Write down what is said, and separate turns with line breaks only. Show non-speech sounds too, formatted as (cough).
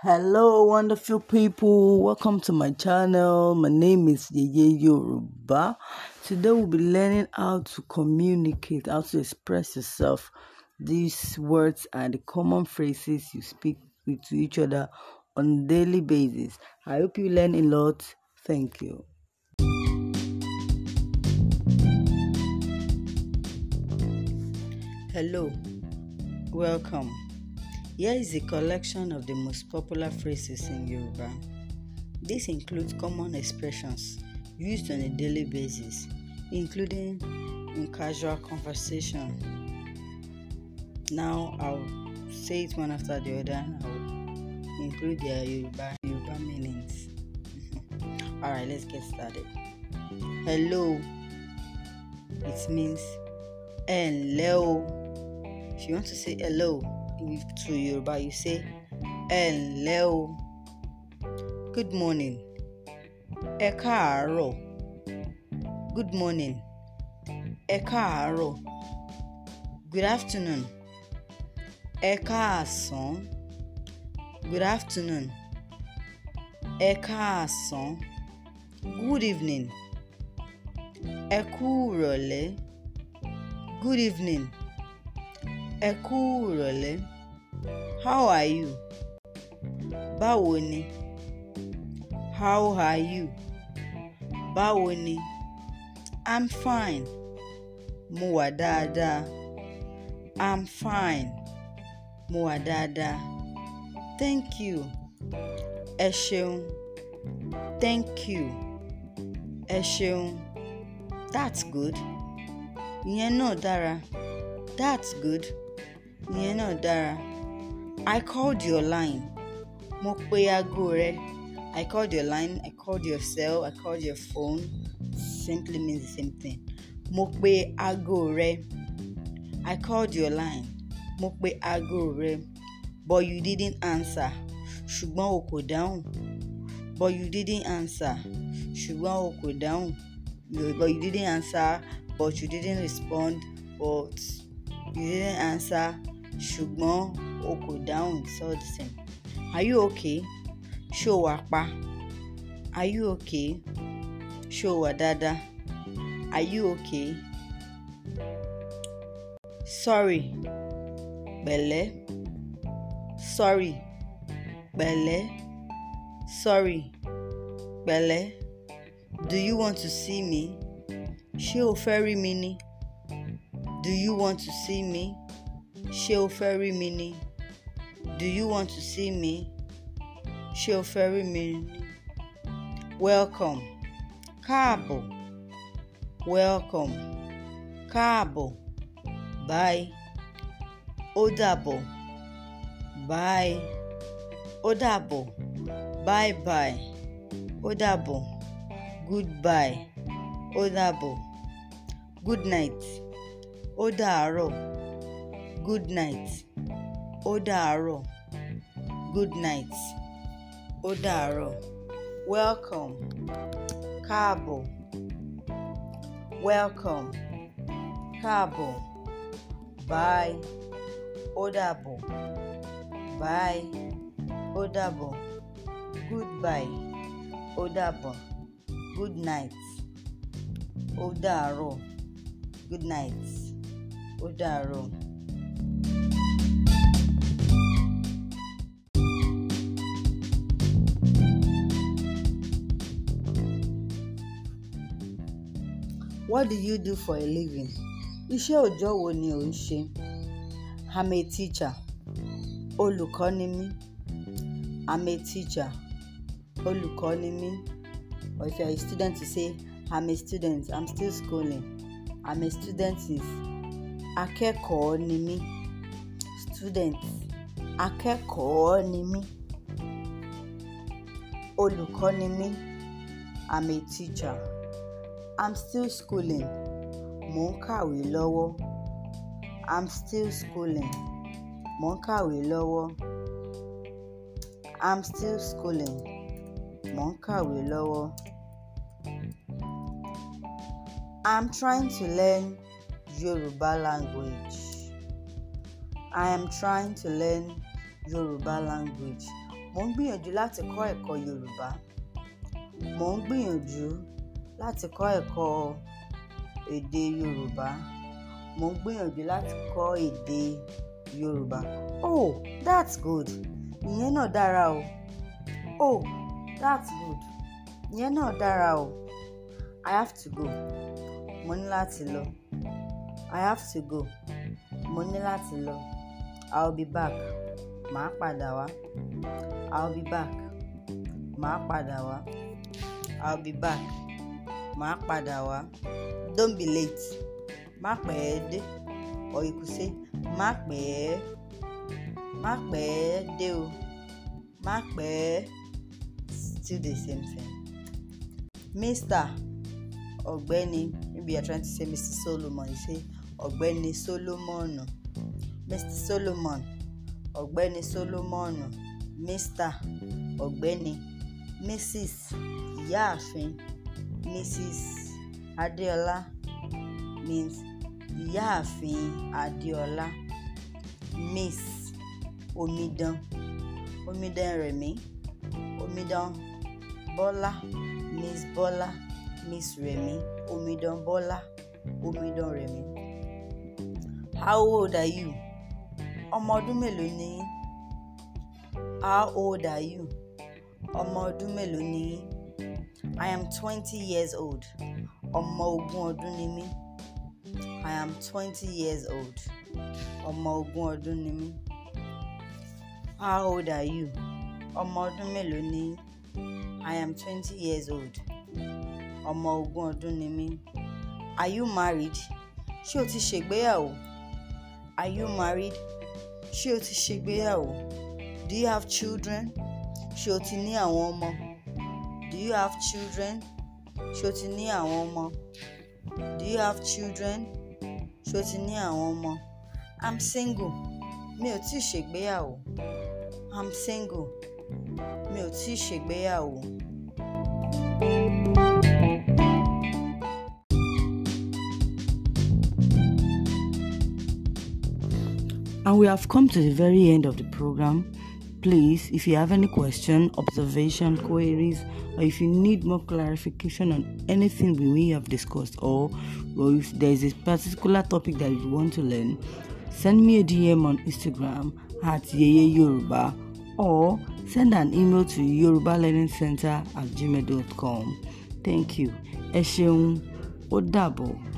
Hello, wonderful people. Welcome to my channel. My name is Yeye Yoruba. Today we'll be learning how to communicate, how to express yourself. These words are the common phrases you speak with to each other on daily basis. I hope you learn a lot. Thank you. Hello. Welcome. Here is a collection of the most popular phrases in Yoruba. This includes common expressions used on a daily basis, including in casual conversation. Now I'll say it one after the other and I'll include their Yoruba, Yoruba meanings. (laughs) Alright, let's get started. Hello, it means hello. If you want to say hello, to Yoruba, you say ẹ̀ǹlẹ́ o good morning ẹ káàárọ̀ good morning ẹ káàárọ̀ good afternoon ẹ káàsán good afternoon ẹ káàsán good evening ẹ kú good evening. Ẹ kú ìrọ̀lẹ́. How are you? Báwo ni? How are you? Báwo ni? I'm fine. Mo wà dáadáa. I'm fine. Mo wà dáadáa. Thank you. Ẹ ṣeun. Thank you. Ẹ ṣeun. That's good. Ìyẹn náà dára. That's good. ìyẹn náà dára i called your line mo pe aago rẹ i called your line i called your cell i called your phone simply means the same thing mo pe aago rẹ i called your line mo pe aago rẹ but you didn't answer ṣùgbọ́n o kò dáhùn but you didn't answer ṣùgbọ́n o kò dáhùn but you didn't answer but you didn't respond but. You didn't answer ṣùgbọ́n o kò dáhùn third sim. Are you okay? Ṣé o wà pa? Are you okay? Ṣé o wà dáadáa? Are you okay? Sorry pẹ̀lẹ́ sorry pẹ̀lẹ́ sorry pẹ̀lẹ́ do you want to see me? Ṣé o fẹ́ rí mi ni? Do you want to see me? Show fairy mini? Do you want to see me? Show fairy mini? Welcome. cabo. Welcome. cabo. Bye. odabo. Bye. odabo. Bye bye. odabo. Goodbye. odabo. Good night ó dàárọ̀ good night ó dàárọ̀ good night ó dàárọ̀ welcome káàbọ̀ welcome káàbọ̀ bye ó dàbọ̀ bye ó dàbọ̀ goodbye ó dàbọ̀ good night ó dàárọ̀ good night. ó dàárọ̀. What do you do for a living? Iṣẹ́ òòjọ́ wo ni ò ń ṣe? I'm a teacher. Olùkọ́ ni mí. I'm a teacher. Olùkọ́ ni mí. Or if you're a student, you say, I'm a student. I'm still schooling. I'm a student. Is akẹ́kọ̀ọ́ ni mí student akẹ́kọ̀ọ́ ni mí olùkọ́ ni mí i'm a teacher i'm still schooling mò ń kàwé lọ́wọ́ i'm still schooling mò ń kàwé lọ́wọ́ i'm still schooling mò ń kàwé lọ́wọ́ i'm trying to learn. Yoruba language. I am trying to learn Yoruba language. Mo ń gbìyànjú láti kọ́ ẹ̀kọ́ Yorùbá. Mo ń gbìyànjú láti kọ́ ẹ̀kọ́ èdè Yorùbá. Mo ń gbìyànjú láti kọ́ èdè Yorùbá. Oh, that's good. Ìyẹn náà dára o. Oh, that's good. Ìyẹn náà dára o. I have to go. Mo ní láti lọ. I have to go. Mo ní láti lọ. I'll be back. Màá padà wá. I'll be back. Màá padà wá. I'll be back. Màá padà wá. Don't be late. Má pẹ́ ẹ́ dé. Or you could say, má pẹ́ ẹ́. Má pẹ́ ẹ́ dé o. Má pẹ́ ẹ́. Still the same thing. Mr. Ọ̀gbẹ́ni, maybe you are trying to say Mr. Solomon, you say ọ̀gbẹ́ni sólómọ́nù mr solomon ọ̀gbẹ́ni sólómọ́nù mr ọ̀gbẹ́ni mrs ìyáàfin mrs Adeola means ìyáàfin Adeola, miss omidan omidan rẹ̀mí omidan Bola, miss Bola, miss rẹ̀mí omidan Bola, omidan rẹ̀mí. How old are you? Ọmọ ọdún mélòó ni yín? How old are you? Ọmọ ọdún mélòó ni yín? I am twenty years old. Ọmọ ogún ọdún ni mí. I am twenty years old. Ọmọ ogún ọdún ni mí. How old are you? Ọmọ ọdún mélòó ni yín? I am twenty years old. Ọmọ ogún ọdún ni mí. Are you married? Ṣé o ti ṣègbéyàwó? Are you married? Ṣé o ti ṣègbéyàwó? Do you have children? Ṣé o ti ní àwọn ọmọ? Do you have children? Ṣé o ti ní àwọn ọmọ? Do you have children? Ṣé o ti ní àwọn ọmọ? I'm single. Mi ò tíì ṣègbéyàwó. I'm single. Mi ò tíì ṣègbéyàwó. thank you And we have come to the very end of the program. Please, if you have any question, observation, queries, or if you need more clarification on anything we may have discussed, or, if there is a particular topic that you want to learn, send me a DM on Instagram at Yeye Yoruba or send an email to Yoruba Learning Center at gmail.com. Thank you. Eshun ṣeun,